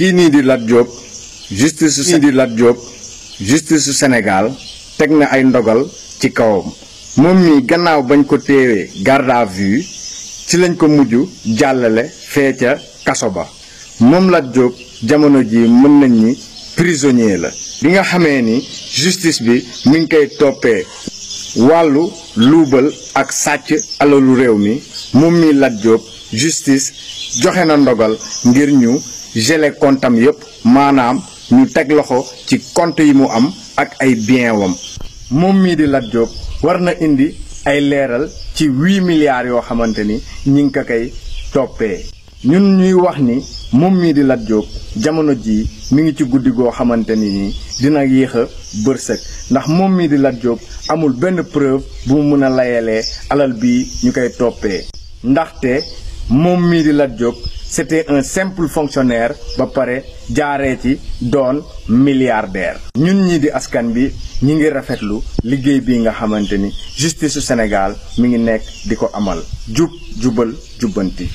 kini di Lat job justice su di Lat job justice Senegal, Sénégal na ay ndogal ci kawam mom mi gannaaw bañ ko téewee garde à vue ci lañ ko muju jàllale fee ca ba jamono ji mën nañ ni prisonnier la bi nga xamé ni justice bi mi ngi koy topé walu luubal ak sacc alolu réew mi mi Lat justice joxe na ndogal ngir ñu gelé kontam yëpp maanaam ñu teg loxo ci compte yi mu am ak ay bien wam moom mii di Lat Diop war na indi ay leeral ci huit milliards yoo xamante ni ñi ngi ko koy toppee ñun ñuy wax ni moom mii di Lat Diop jamono jii mi ngi ci guddi goo xamante ni dina yéex a bërsëg ndax moom mii di Lat Diop amul benn preuve bu mu mën a layalee alal bi ñu koy toppee ndaxte moom mii di Lat Diop c'était un simple fonctionnaire ba pare jaaree ci doon milliardaire. ñun ñii di askan bi ñi ngi rafetlu liggéey bi nga xamante ni justice su Sénégal mi ngi nekk di ko amal jub jubal jubbanti.